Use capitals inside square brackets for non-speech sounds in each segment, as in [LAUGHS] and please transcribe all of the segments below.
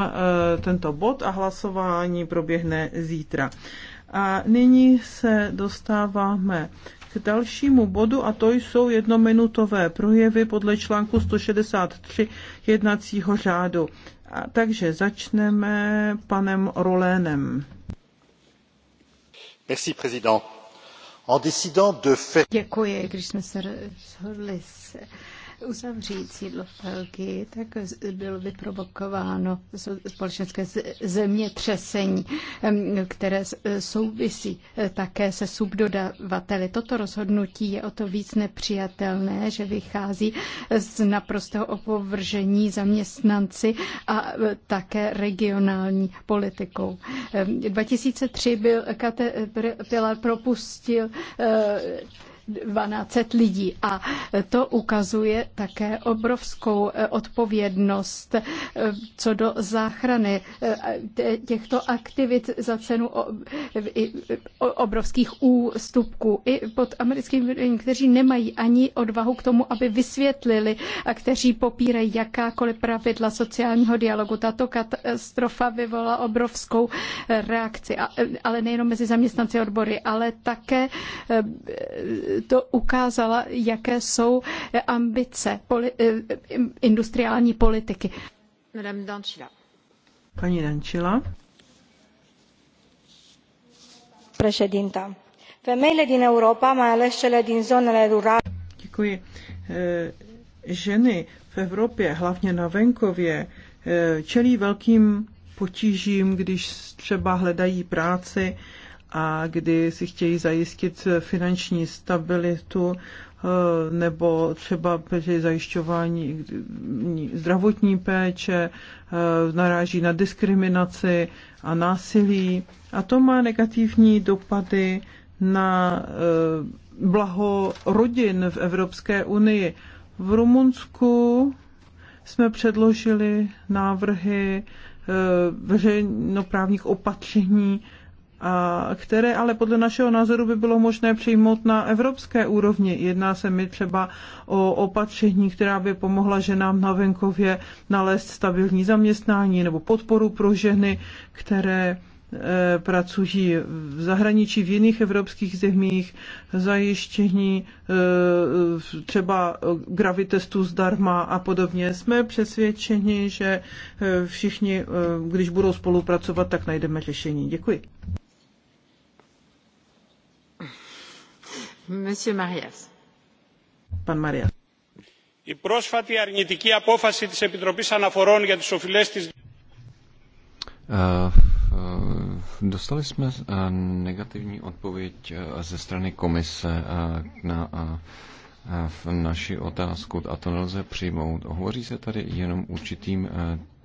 Eh, tento bod a hlasování proběhne zítra. A nyní se dostáváme k dalšímu bodu a to jsou jednominutové projevy podle článku 163 jednacího řádu. A takže začneme panem Rolénem. Merci, président. En décidant de faire... Děkuji, když jsme se rozhodli se uzavřít sídlo v tak bylo vyprovokováno společenské zemětřesení, které souvisí eh, také se subdodavateli. Toto rozhodnutí je o to víc nepřijatelné, že vychází z naprostého opovržení zaměstnanci a eh, také regionální politikou. 2003 byl Pilar propustil eh, 1200 lidí. A to ukazuje také obrovskou eh, odpovědnost eh, co do záchrany eh, těchto aktivit za cenu obrovských ústupků. I pod americkými vedením, kteří nemají ani odvahu k tomu, aby vysvětlili a kteří popírají jakákoliv pravidla sociálního dialogu. Tato katastrofa vyvolala obrovskou reakci, ale nejenom mezi zaměstnanci odbory, ale také to ukázala, jaké jsou ambice poli, eh, industriální politiky. Madame Dančila. Paní Dančila. Președinta, femeile din Europa, mai ales cele din zonele rurale... Děkuji. Eh, ženy v Evropě, hlavně na venkově, eh, čelí velkým potížím, když třeba hledají práci a kdy si chtějí zajistit finanční stabilitu eh, nebo třeba zajišťování zdravotní péče, eh, naráží na diskriminaci a násilí. A to má negativní dopady na eh, blaho rodin v Evropské unii. V Rumunsku jsme předložili návrhy veřejnoprávních opatření a které ale podle našeho názoru by bylo možné přijmout na evropské úrovni. Jedná se mi třeba o opatření, která by pomohla ženám na venkově nalézt stabilní zaměstnání nebo podporu pro ženy, které e, pracují v zahraničí, v jiných evropských zemích, zajištění e, třeba gravitestu zdarma a podobně. Jsme přesvědčeni, že e, všichni, když budou spolupracovat, tak najdeme řešení. Děkuji. η πρόσφατη αρνητική απόφαση της επιτροπής αναφορών για τις οφειλές της Dostali jsme negativní odpověď e, ze strany komise e, na e, v naši otázku a to nelze přijmout. Hovoří se tady jenom určitým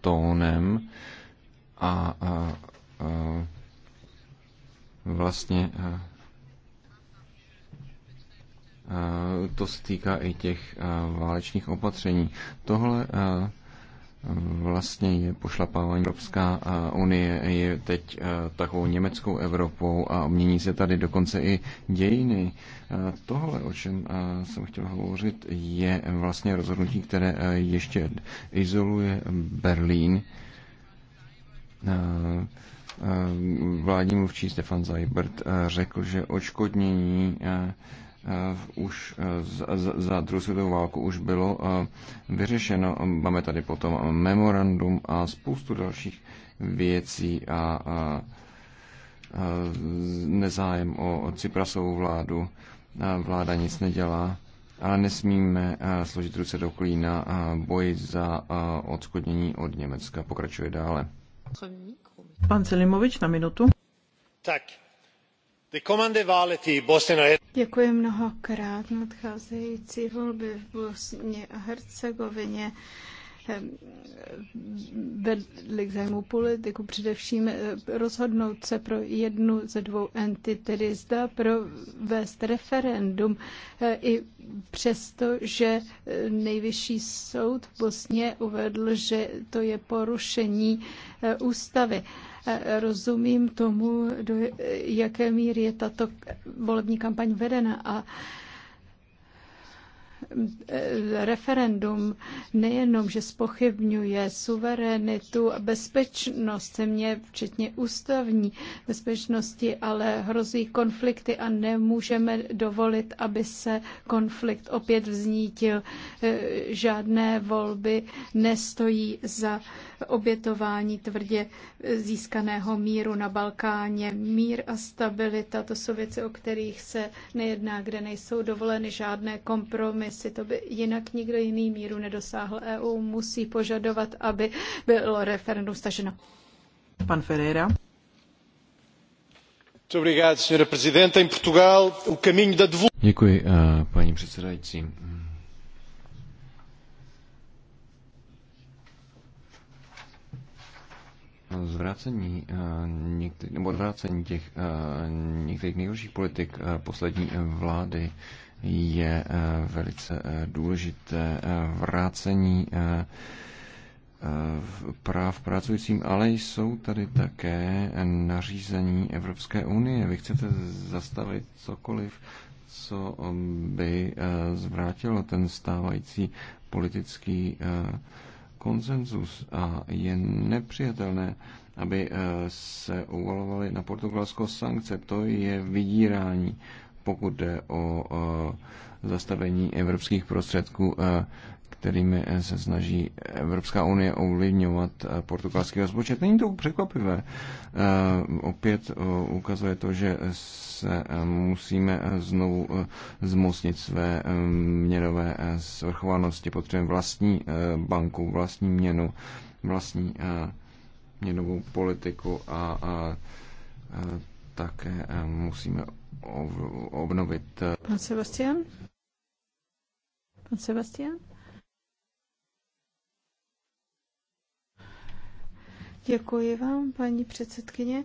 tónem a vlastně to se týká i těch eh, válečných opatření. Tohle eh, vlastně je pošlapávání. Evropská eh, unie je teď takovou německou Evropou a mění se tady dokonce i dějiny. Tohle, o čem jsem chtěl hovořit, je vlastně rozhodnutí, které ještě izoluje Berlín. Vládní mluvčí Stefan Zajbert řekl, že očkodnění Eh, už eh, za, za druhou světovou válku už bylo eh, vyřešeno. Máme tady potom memorandum a spoustu dalších věcí a, a nezájem o Cyprasovou vládu. Vláda nic nedělá, ale nesmíme složit ruce do klína. Boj za odskodnění od Německa pokračuje dále. Pan Celimovič na minutu. Tak, Děkuji mnohokrát. Nadcházející volby v Bosně a Hercegovině eh, vedli k zájmu politiku především eh, rozhodnout se pro jednu ze dvou entit, tedy zda provést referendum, eh, i přesto, že nejvyšší soud v Bosně uvedl, že to je porušení ústavy rozumím tomu, do jaké míry je tato volební kampaň vedena a Eh, referendum nejenom, že spochybňuje suverenitu a bezpečnost země, včetně ústavní bezpečnosti, ale hrozí konflikty a nemůžeme dovolit, aby se konflikt opět vznítil. Eh, žádné volby nestojí za obětování tvrdě získaného míru na Balkáně. Mír a stabilita, to jsou věci, o kterých se nejedná, kde nejsou dovoleny žádné kompromisy komisi. To by jinak nikdo jiný míru nedosáhl. EU musí požadovat, aby bylo referendum staženo. Pan Ferreira. Děkuji, eh, paní předsedající. zvrácení eh, některý, nebo zvrácení těch eh, některých nejhorších politik poslední vlády je eh, velice eh, důležité eh, vrácení práv pracujícím, ale jsou tady také nařízení Evropské unie. Vy chcete zastavit cokoliv, co by zvrátilo ten stávající politický konsenzus a je nepřijatelné, aby se uvalovaly na Portugalsko sankce. To je vydírání pokud jde o zastavení evropských prostředků, e, kterými se snaží Evropská unie ovlivňovat e, portugalský rozpočet. Není to překvapivé. E, opět ukazuje to, že se musíme znovu zmocnit své měnové svrchovanosti. Potřebujeme vlastní banku, vlastní měnu, vlastní měnovou politiku a, a, a také eh, musíme obnovit. Eh, Pan Sebastian? Pan Sebastian? Děkuji vám, paní předsedkyně.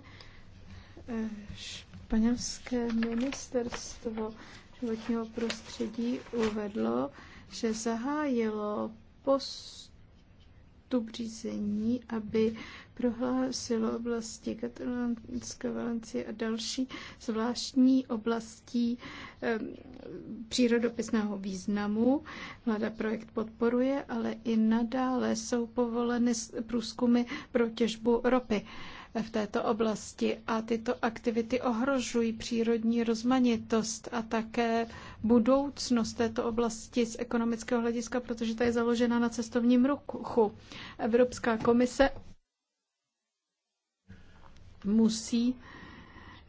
Eh, španělské ministerstvo životního prostředí uvedlo, že zahájilo post vstup řízení, aby prohlásilo oblasti Katalánské Valencie a další zvláštní oblastí e, přírodopisného významu. Vláda projekt podporuje, ale i nadále jsou povoleny průzkumy pro těžbu ropy. E, v této oblasti a tyto aktivity ohrožují přírodní rozmanitost a také budoucnost této oblasti z ekonomického hlediska, protože ta je založena na cestovním ruchu. Evropská komise musí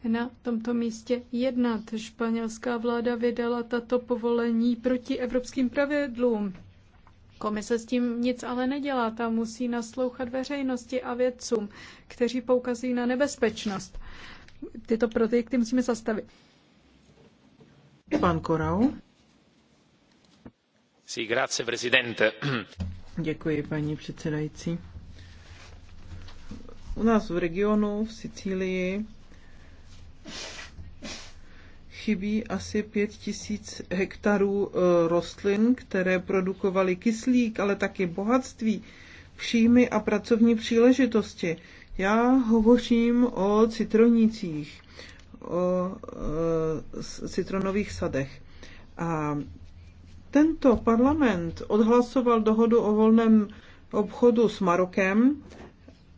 na tomto místě jednat. Španělská vláda vydala tato povolení proti evropským pravidlům. Komise s tím nic ale nedělá, ta musí naslouchat veřejnosti a vědcům, kteří poukazují na nebezpečnost. Tyto projekty musíme zastavit. Pan Korau. Sí, grazie, presidente. Děkuji, paní předsedající. U nás v regionu, v Sicílii, chybí asi pět tisíc hektarů eh, rostlin, které produkovaly kyslík, ale taky bohatství, příjmy a pracovní příležitosti. Já hovořím o citronicích, o eh, citronových sadech. A tento parlament odhlasoval dohodu o volném obchodu s Marokem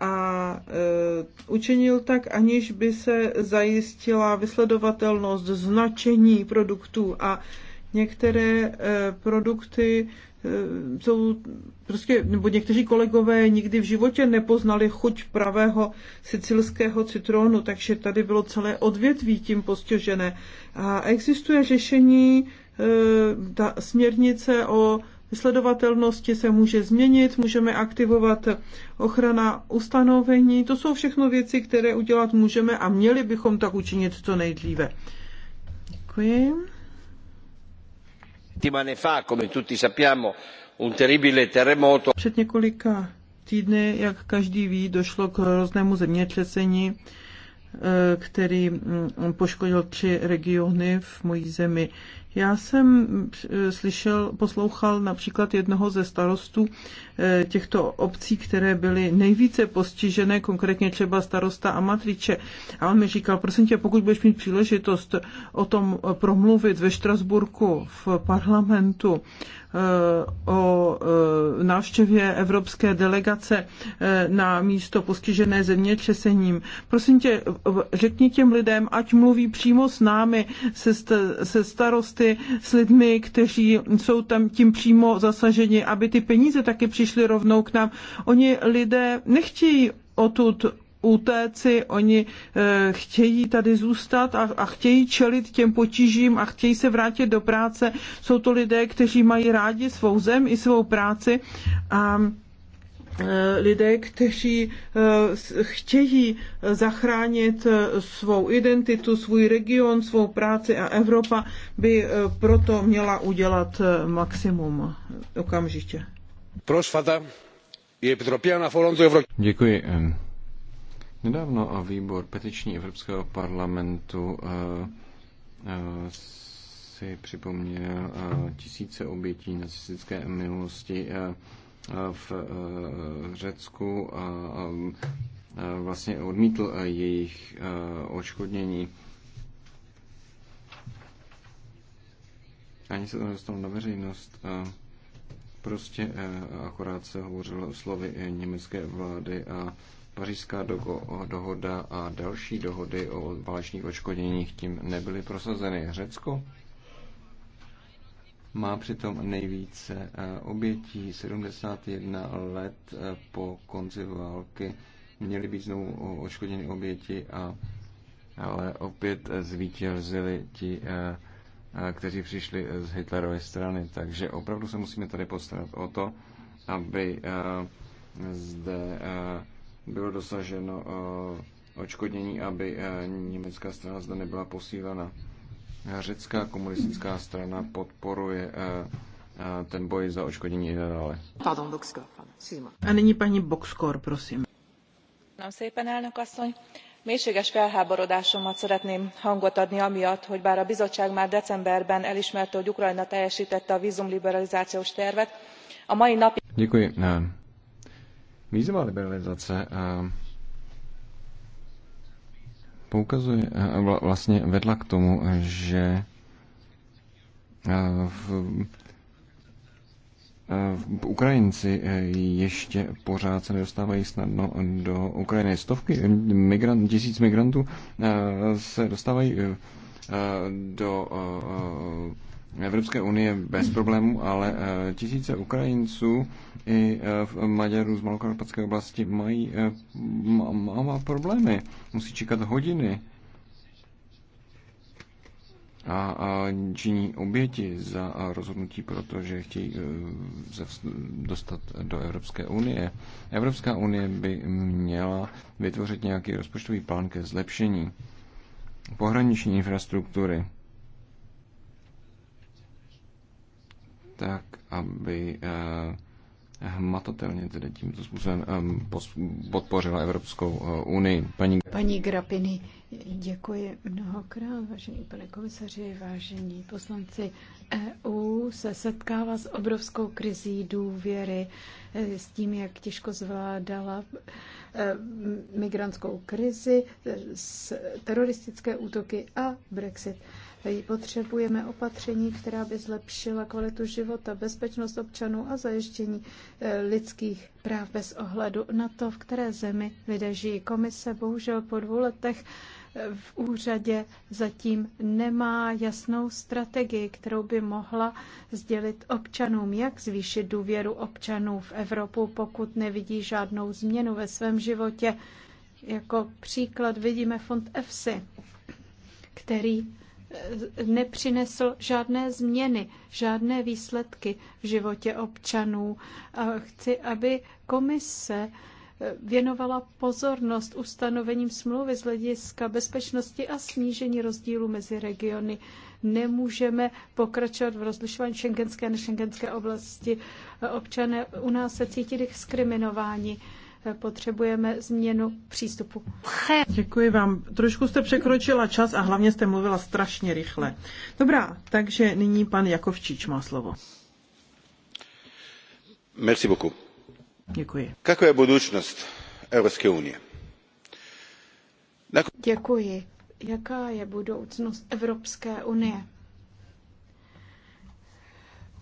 a e, učinil tak, aniž by se zajistila vysledovatelnost značení produktů a některé e, produkty e, jsou prostě, nebo někteří kolegové nikdy v životě nepoznali chuť pravého sicilského citronu, takže tady bylo celé odvětví tím postižené. A existuje řešení, ta směrnice o sledovatelnosti se může změnit, můžeme aktivovat ochrana ustanovení. To jsou všechno věci, které udělat můžeme a měli bychom tak učinit co nejdříve. Děkuji. Před několika týdny, jak každý ví, došlo k hroznému zemětřesení, eh, který mm, poškodil tři regiony v mojí zemi. Já jsem eh, slyšel, poslouchal například jednoho ze starostů eh, těchto obcí, které byly nejvíce postižené, konkrétně třeba starosta Amatriče. A on mi říkal, prosím tě, pokud budeš mít příležitost o tom promluvit ve Štrasburku v parlamentu, eh, o návštěvě evropské delegace na místo postižené zemětřesením. Prosím tě, řekni těm lidem, ať mluví přímo s námi, se, se starosty s lidmi, kteří jsou tam tím přímo zasaženi, aby ty peníze taky přišly rovnou k nám. Oni lidé nechtějí odtud utéci, oni e, chtějí tady zůstat a, a chtějí čelit těm potížím a chtějí se vrátit do práce. Jsou to lidé, kteří mají rádi svou zem i svou práci a Eh, lidé, kteří eh, chtějí zachránit eh, svou identitu, svůj region, svou práci a Evropa by proto měla udělat maximum okamžitě. Πρόσφατα Je Επιτροπή na του Ευρω... Děkuji. Nedávno a výbor petiční Evropského parlamentu si připomněl tisíce obětí nacistické minulosti v eh, Řecku a vlastně odmítl eh, jejich eh, očkodnění. Ani se to nedostalo na veřejnost. Prostě akorát se hovořilo slovy německé vlády a pařížská dohoda a další dohody o válečných očkodněních tím nebyly prosazeny. Řecko má přitom nejvíce eh, obětí. 71 let eh, po konci války měly být znovu oškoděny oběti, a, ale opět eh, zvítězili ti, kteří přišli z hitlerové strany. Takže opravdu se musíme tady postarat o to, aby zde bylo dosaženo očkodnění, aby německá strana zde nebyla posílena. Řecká komunistická strana podporuje eh, eh, ten boj za očkodnění i nadále. A nyní paní Boxkor, prosím. Mélységes felháborodásomat szeretném hangot adni amiatt, hogy bár a bizottság már decemberben elismerte, hogy Ukrajna teljesítette a vízumliberalizációs tervet, a mai napi... Děkuji. Eh, Vízová liberalizace poukazuje, eh, vlastně vedla k tomu, že eh, eh, Ukrajinci ještě pořád se nedostávají snadno do Ukrajiny. Stovky migrant, tisíc migrantů se dostávají do Evropské unie bez problémů, ale eh, tisíce Ukrajinců i eh, Maďarů z Malokarpatské oblasti mají eh, má, má problémy. Musí čekat hodiny a, a činí oběti za rozhodnutí, protože chtějí se dostat do Evropské unie. Evropská unie by měla vytvořit nějaký rozpočtový plán ke zlepšení pohraniční infrastruktury tak, aby eh, hmatatelně tedy tímto způsobem eh, podpořila Evropskou eh, unii. Paní, Paní Grapiny, děkuji mnohokrát, vážení pane komisaři, vážení poslanci. EU se setkává s obrovskou krizí důvěry, s tím, jak těžko zvládala migrantskou krizi, teroristické útoky a Brexit. Potřebujeme opatření, která by zlepšila kvalitu života, bezpečnost občanů a zajištění eh, lidských práv bez ohledu na to, v které zemi lidé žijí. Komise bohužel po dvou letech eh, v úřadě zatím nemá jasnou strategii, kterou by mohla sdělit občanům, jak zvýšit důvěru občanů v Evropu, pokud nevidí žádnou změnu ve svém životě. Jako příklad vidíme fond EFSI, který nepřinesl žádné změny, žádné výsledky v životě občanů. A chci, aby komise věnovala pozornost ustanovením smlouvy z hlediska bezpečnosti a snížení rozdílu mezi regiony. Nemůžeme pokračovat v rozlišování šengenské a nešengenské oblasti. Občané u nás se cítí diskriminováni potřebujeme změnu přístupu. Děkuji vám. Trošku jste překročila čas a hlavně jste mluvila strašně rychle. Dobrá, takže nyní pan Jakovčič má slovo. Merci beaucoup. Děkuji. Jaká je budoucnost Evropské unie? Děkuji. Jaká je budoucnost Evropské unie?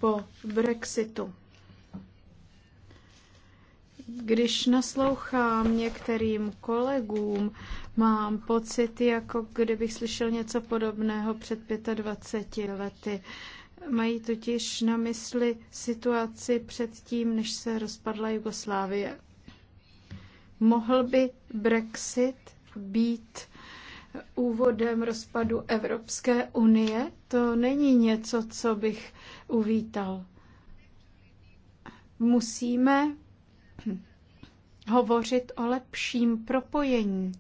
Po Brexitu když naslouchám některým kolegům, mám pocit, jako kdybych slyšel něco podobného před 25 lety. Mají totiž na mysli situaci před tím, než se rozpadla Jugoslávie. Mohl by Brexit být úvodem rozpadu Evropské unie? To není něco, co bych uvítal. Musíme hovořit o lepším propojení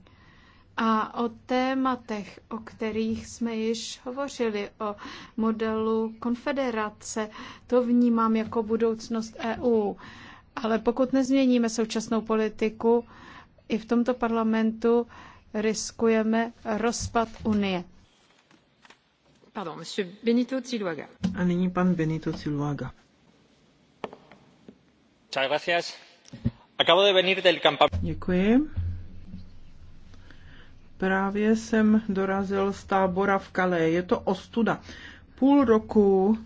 a o tématech, o kterých jsme již hovořili, o modelu konfederace. To vnímám jako budoucnost EU. Ale pokud nezměníme současnou politiku, i v tomto parlamentu riskujeme rozpad Unie. Pardon, monsieur Benito Ciluaga. A nyní pan Benito Ciluaga. Muchas gracias. Acabo de venir del campamento. Děkuji. Právě jsem dorazil z tábora v Kalé. Je to ostuda. Půl roku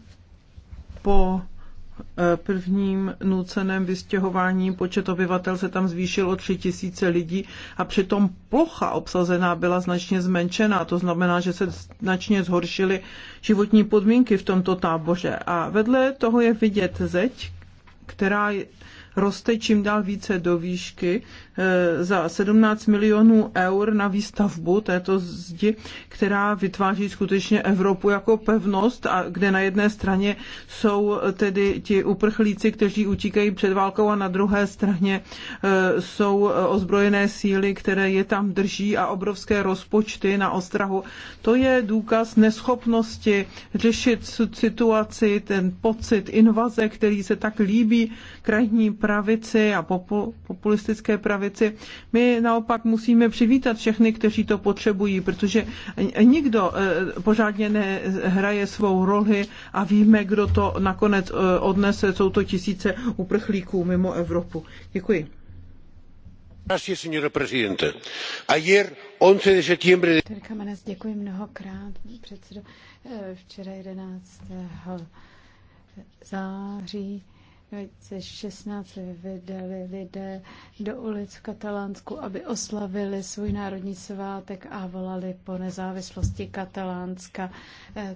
po eh, prvním nuceném vystěhování počet obyvatel se tam zvýšil o tři tisíce lidí a přitom plocha obsazená byla značně zmenšená. To znamená, že se značně zhoršily životní podmínky v tomto táboře. A vedle toho je vidět zeď, která roste čím dál více do výšky eh, za 17 milionů eur na výstavbu této zdi, která vytváří skutečně Evropu jako pevnost a kde na jedné straně jsou tedy ti uprchlíci, kteří utíkají před válkou a na druhé straně eh, jsou eh, ozbrojené síly, které je tam drží a obrovské rozpočty na ostrahu. To je důkaz neschopnosti řešit situaci, ten pocit invaze, který se tak líbí krajní pravici a populistické pravici. My naopak musíme přivítat všechny, kteří to potřebují, protože nikdo e, pořádně nehraje svou roli a víme, kdo to nakonec e, odnese. Jsou to tisíce uprchlíků mimo Evropu. Děkuji. Señora presidenta, ayer 11 de septiembre. Děkuji mnohokrát, předsedo. E, včera 11. září 2016 vydali lidé do ulic v Katalánsku, aby oslavili svůj národní svátek a volali po nezávislosti Katalánska. E,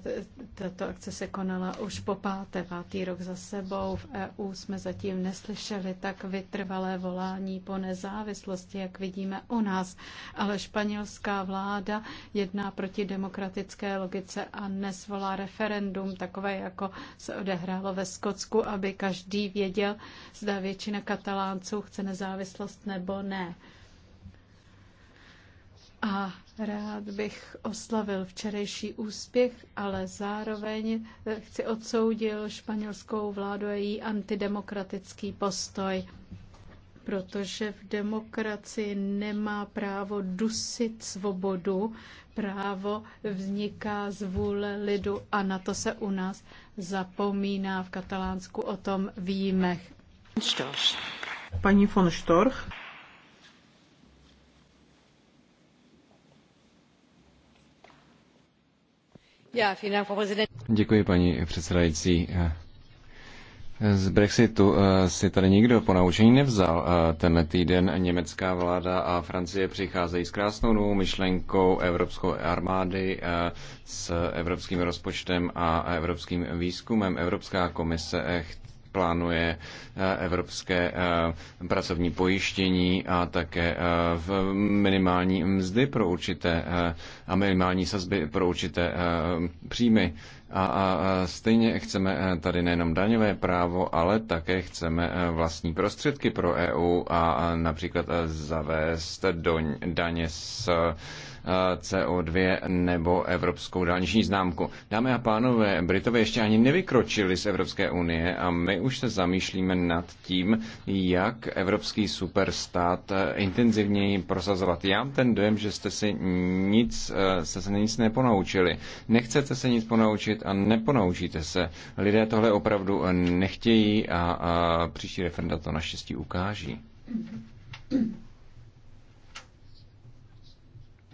tato akce se konala už po páté, pátý rok za sebou. V EU jsme zatím neslyšeli tak vytrvalé volání po nezávislosti, jak vidíme u nás. Ale španělská vláda jedná proti demokratické logice a nesvolá referendum, takové jako se odehrálo ve Skotsku, aby každý věděl, zda většina katalánců chce nezávislost nebo ne. A rád bych oslavil včerejší úspěch, ale zároveň chci odsoudil španělskou vládu a její antidemokratický postoj, protože v demokracii nemá právo dusit svobodu, právo vzniká z vůle lidu a na to se u nás zapomíná v Katalánsku o tom výjimech. Paní von Storch. Děkuji, paní předsedající. Z Brexitu eh, si tady nikdo po naučení nevzal. Eh, tenhle týden německá vláda a Francie přicházejí s krásnou novou myšlenkou evropskou armády eh, s evropským rozpočtem a evropským výzkumem. Evropská komise plánuje eh, evropské eh, pracovní pojištění a také eh, v minimální mzdy pro určité a minimální sazby pro určité příjmy. A stejně chceme tady nejenom daňové právo, ale také chceme vlastní prostředky pro EU a například zavést do daně s CO2 nebo evropskou dálniční známku. Dámy a pánové, Britové ještě ani nevykročili z Evropské unie a my už se zamýšlíme nad tím, jak evropský superstát intenzivněji prosazovat. Já mám ten dojem, že jste si nic, jste se nic neponaučili. Nechcete se nic ponaučit a neponaučíte se. Lidé tohle opravdu nechtějí a, a příští referenda to naštěstí ukáží.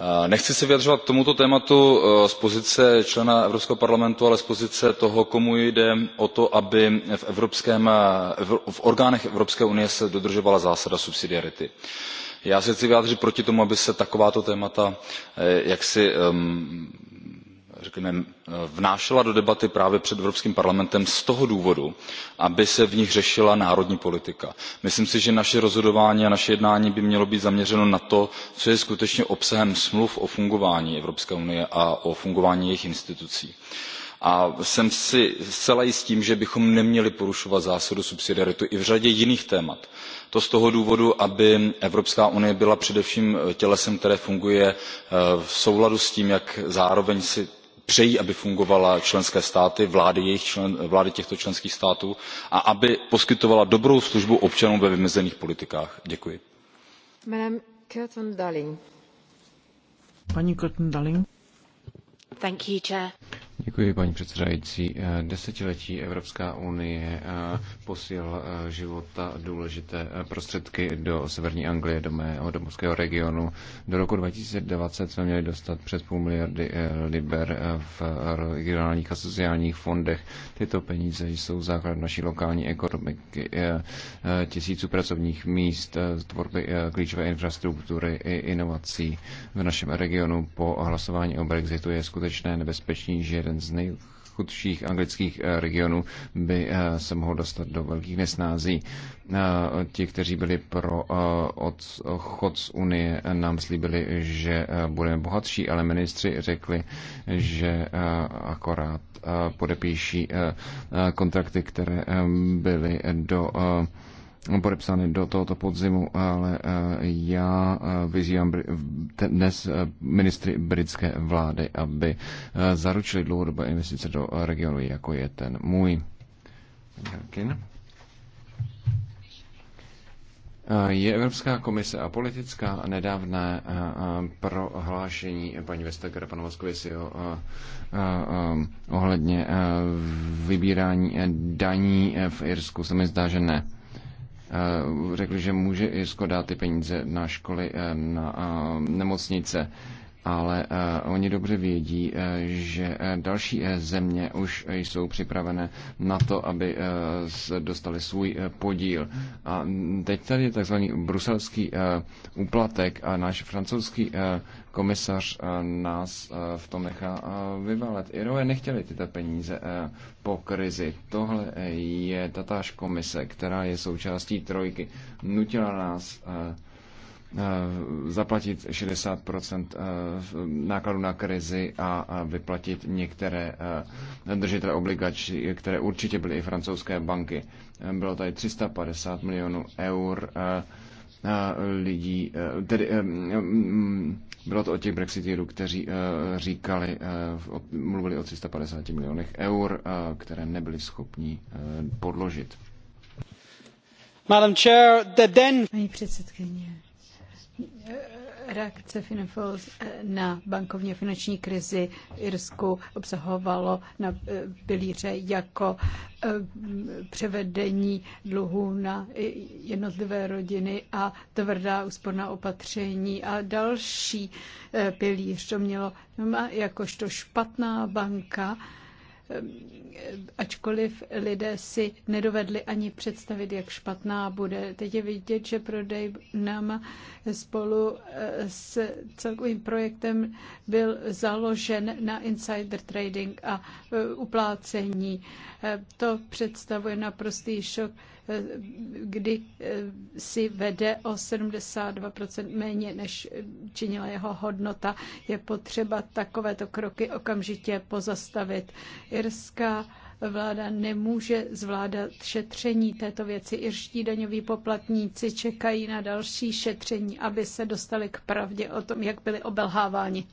Eh, nechci se vyjadřovat k tomuto tématu eh, z pozice člena evropského parlamentu ale z pozice toho komu jde o to aby eh, v orgánech evropské unie se dodržovala zásada subsidiarity. já se chci vyjádřit proti tomu aby se takováto témata jaksi ehm, řekněme vnášela do debaty právě před evropským parlamentem z toho důvodu aby se v nich řešila národní politika. myslím si že naše rozhodování a naše jednání by mělo být zaměřeno na to co je skutečně obsahem smluv o fungování evropské unie a o fungování jejích institucí a jsem si zcela jist tím že bychom neměli porušovat zásadu subsidiarity i v řadě jiných témat. to z toho důvodu aby evropská unie byla především tělesem které funguje eh, v souladu s tím jak zároveň si přejí aby fungovala členské státy vlády, vlády těchto členských států a aby poskytovala dobrou službu občanům ve vymezených politikách. děkuji. Darling. Thank you, Děkuji, paní předsedající. Eh, desetiletí Evropská unie eh, posíl eh, života důležité prostředky do severní Anglie, do mého domovského regionu. Do roku 2020 jsme měli dostat přes půl miliardy liber v regionálních a sociálních fondech. Tyto peníze jsou základ naší lokální ekonomiky, tisíců pracovních míst, tvorby klíčové infrastruktury i inovací v našem regionu. Po hlasování o Brexitu je skutečné nebezpečí, že jeden jeden z nejchudších anglických eh, regionů by eh, se mohl dostat do velkých nesnází. Eh, ti, kteří byli pro odchod z Unie, nám slíbili, že budeme bohatší, ale ministři řekli, že akorát podepíší kontrakty, které byly do podepsány do tohoto podzimu, ale eh, já eh, vyzývám dnes eh, ministry britské vlády, aby zaručili dlouhodobé investice do regionu, jako je ten můj. Jarkin. Je Evropská komise a politická nedávné prohlášení paní Vestager, panu Moskvisiho ohledně vybírání daní v Irsku se mi zdá, že ne. Eh, řekl, že může i dát ty peníze na školy, eh, na eh, nemocnice ale eh, oni dobře vědí, eh, že eh, další země už jsou připravené na to, aby dostali svůj podíl. A teď tady je takzvaný bruselský úplatek a náš francouzský komisař nás v tom nechá vyvalet. Irové nechtěli tyto peníze po krizi. Tohle je tatáž komise, která je součástí trojky. Nutila nás Eh, zaplatit 60 eh, nákladů na krizi a vyplatit některé eh, držitele obligací, které určitě byly i francouzské banky. Bylo tady 350 milionů eur lidí, tedy mm, bylo to o těch brexitírů, kteří říkali, mluvili o 350 milionech eur, které nebyli schopni podložit. Madam Chair, the then... Paní předsedkyně, Reakce Finanfos na bankovně finanční krizi v Irsku obsahovalo na eh, pilíře jako eh, převedení dluhů na eh, jednotlivé rodiny a tvrdá úsporná opatření a další pilíř. To mělo no, jakožto špatná banka Ehm, ačkoliv lidé si nedovedli ani představit, jak špatná bude. Teď je vidět, že prodej nám spolu eh, s celkovým projektem byl založen na insider trading a eh, uplácení. Ehm, to představuje naprostý šok kdy eh, si vede o 72% méně, než činila jeho hodnota. Je potřeba takovéto kroky okamžitě pozastavit. Irská vláda nemůže zvládat šetření této věci. Irští daňoví poplatníci čekají na další šetření, aby se dostali k pravdě o tom, jak byli obelháváni.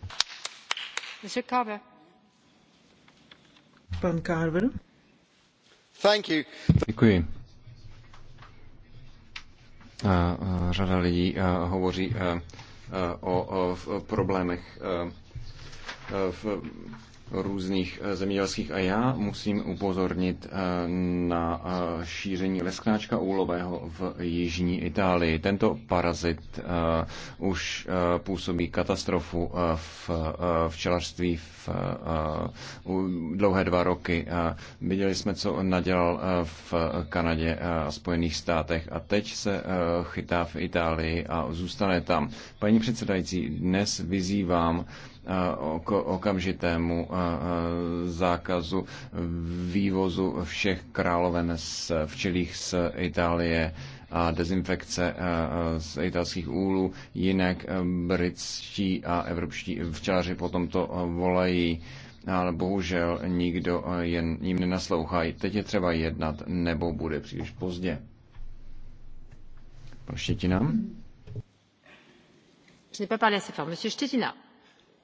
Pan Carver. Thank you. Děkuji Řada lidí hovoří o problémech v různých eh, zemědělských a já musím upozornit eh, na eh, šíření lesknáčka úlového v jižní Itálii. Tento parazit už působí katastrofu v včelařství v dlouhé dva roky. Viděli jsme, co nadělal v Kanadě a Spojených státech a teď se chytá v Itálii a zůstane tam. Paní předsedající, dnes vyzývám Eh, okamžitému eh, eh, zákazu vývozu všech královen z včelích z Itálie a dezinfekce z italských úlů. Jinak britští a evropští včelaři potom to volají ale bohužel nikdo jen, jim nenaslouchá. Teď je třeba jednat, nebo bude příliš pozdě. Pan Štětina. Je ne peux pas laisser Monsieur Štětina.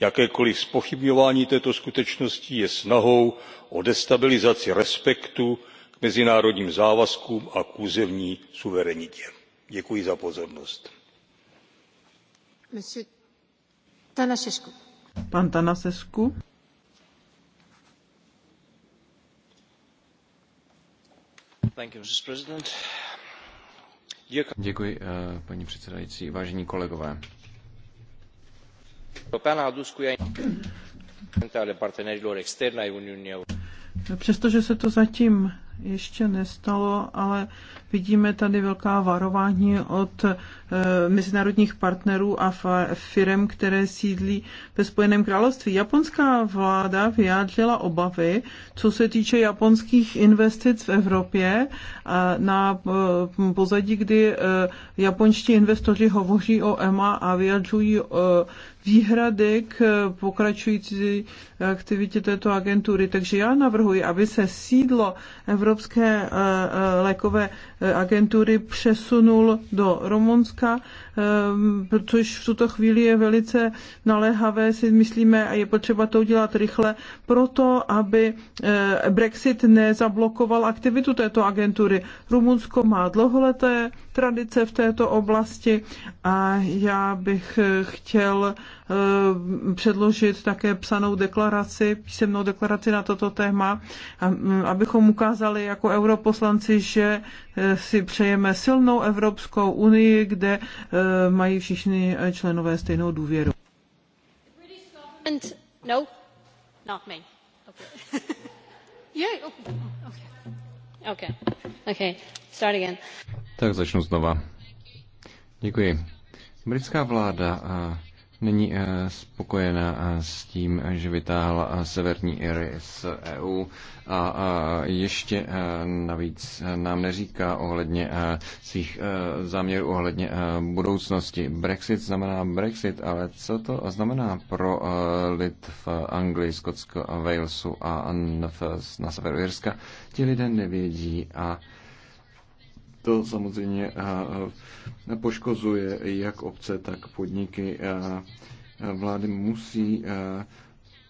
jakékoliv zpochybňování této skutečnosti je snahou o destabilizaci respektu k mezinárodním závazkům a k územní suverenitě. děkuji za pozornost. Pan Tanasescu. Děkuji, eh, paní předsedající vážení kolegové Europeană a adus cu ea instrumente ale partenerilor externi ai Uniunii Europene. No, přestože se to zatím ještě nestalo, ale vidíme tady velká varování od Eh, mezinárodních partnerů a firm, které sídlí ve Spojeném království. Japonská vláda vyjádřila obavy, co se týče japonských investic v Evropě na eh, pozadí, kdy eh, japonští investoři hovoří o EMA a vyjadřují výhrady k pokračující aktivitě této agentury. Takže já navrhuji, aby se sídlo Evropské lékové agentury přesunul do Romunska Rumunska Ehm, což v tuto chvíli je velice naléhavé, si myslíme, a je potřeba to udělat rychle, proto, aby eh, Brexit nezablokoval aktivitu této agentury. Rumunsko má dlouholeté tradice v této oblasti a já bych eh, chtěl ehm, předložit také psanou deklaraci, písemnou deklaraci na toto téma, mm, abychom ukázali jako europoslanci, že eh, si přejeme silnou Evropskou unii, kde mají všichni členové stejnou důvěru. No, not me. [LAUGHS] yeah, okay. Okay. Okay. Start again. Tak začnu znova. Děkuji. Britská vláda a není eh, spokojená eh, s tím, že vytáhla eh, severní Iry z EU a ještě navíc nám neříká ohledně svých záměrů ohledně budoucnosti. Brexit znamená Brexit, ale co to znamená pro lid v Anglii, Skotsko, Walesu a na severu Irska? Ti lidé nevědí a to samozřejmě poškozuje jak obce, tak podniky. Vlády musí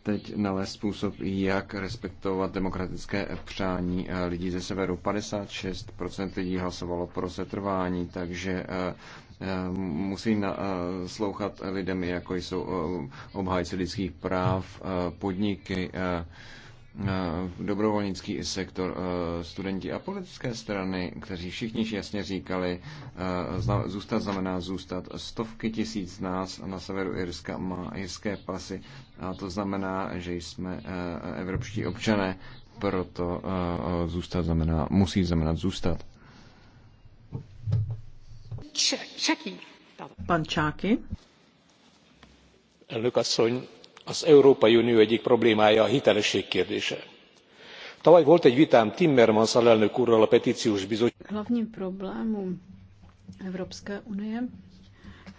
teď nalézt způsob, jak respektovat demokratické přání lidí ze severu. 56% lidí hlasovalo pro setrvání, takže musí slouchat lidem, jako jsou obhájci lidských práv, podniky, Eh, dobrovolnický sektor, eh, studenti a politické strany, kteří všichni jasně říkali, eh, zůstat znamená zůstat. Stovky tisíc nás na severu Irska má irské pasy a to znamená, že jsme evropští občané, proto zůstat znamená, musí znamenat zůstat. Čaký. Pan Čáky. Elnök asszony, az európai unió egyik problémája a hitelesség kérdése. tavaly volt egy vitám timmermans alelnök úrral a petciós bizottságban. hlavním problémům Evropské unie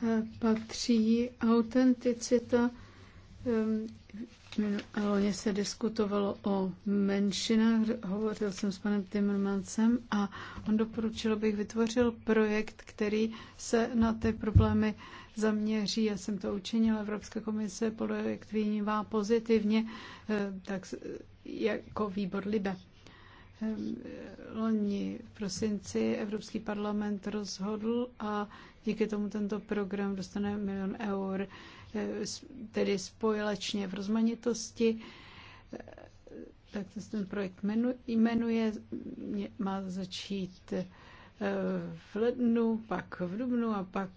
eh, patří autenticita. Eh, loni se diskutovalo o menšinách, hovořil jsem s panem Timmermansem a on doporučil, abych vytvořil projekt, který se na ty problémy zaměří. Já jsem to učinila, Evropská komise projekt vnímá pozitivně, eh, tak jako výbor Libe. Eh, loni v prosinci Evropský parlament rozhodl a díky tomu tento program dostane milion eur, eh, tedy společně v rozmanitosti. Tak se ten projekt jmenuje, má začít v lednu, pak v dubnu a pak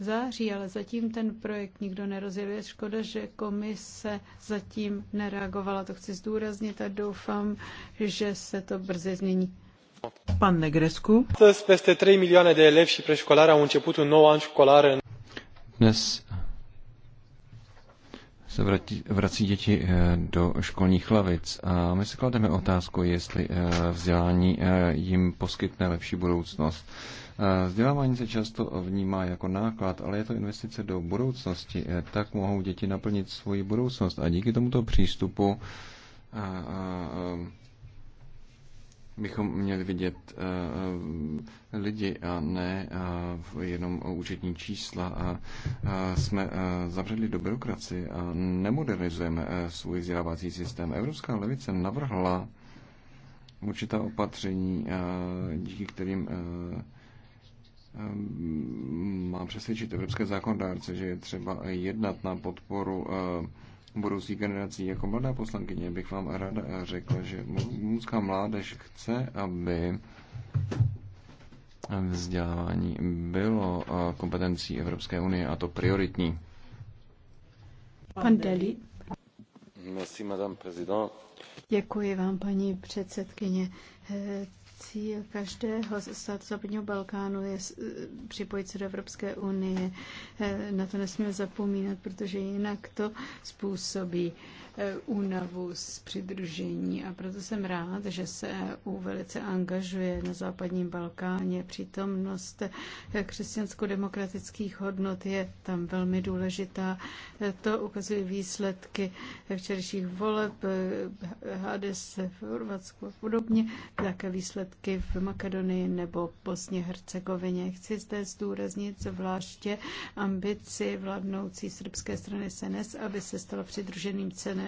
září, ale zatím ten projekt nikdo nerozjel. Je škoda, že komise zatím nereagovala. To chci zdůraznit a doufám, že se to brzy změní. Pan Negrescu. Astăzi peste 3 milioane de elevi și preșcolari au început un nou an școlar Dnes se vrací, vrací děti eh, do školních lavic a my si klademe otázku, jestli eh, vzdělání eh, jim poskytne lepší budoucnost. Vzdělávání se často vnímá jako náklad, ale je to investice do budoucnosti. Eh, tak mohou děti naplnit svoji budoucnost a díky tomuto přístupu eh, eh, bychom měli vidět lidi a ne jenom účetní čísla. A, jsme zavřeli do byrokracie a nemodernizujeme svůj vzdělávací systém. Evropská levice navrhla určitá opatření, díky kterým Ehm, má přesvědčit evropské zákonodárce, že je třeba jednat na podporu eh, budoucí generací. Jako mladá poslankyně bych vám ráda řekla, že mužská mládež chce, aby vzdělávání bylo eh, kompetencí Evropské unie a to prioritní. Pan Deli. Merci, madame Děkuji vám, paní předsedkyně. Eh, Cíl každého z státu západního Balkánu je e, připojit se do Evropské unie. E, na to nesmíme zapomínat, protože jinak to způsobí Eh, únavu z přidružení a proto jsem rád, že se EU velice angažuje na západním Balkáně. Přítomnost eh, křesťansko-demokratických hodnot je tam velmi důležitá. Eh, to ukazuje výsledky včerejších voleb, HDS v Chorvatsku a podobně, také výsledky v Makedonii nebo Bosně Hercegovině. Chci zde zdůraznit zvláště ambici vládnoucí srbské strany SNS, aby se stala přidruženým cenem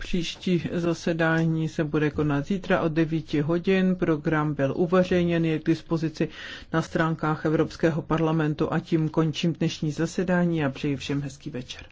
Příští zasedání se bude konat zítra od 9 hodin. Program byl uveřejněn, je k dispozici na stránkách Evropského parlamentu a tím končím dnešní zasedání a přeji všem hezký večer.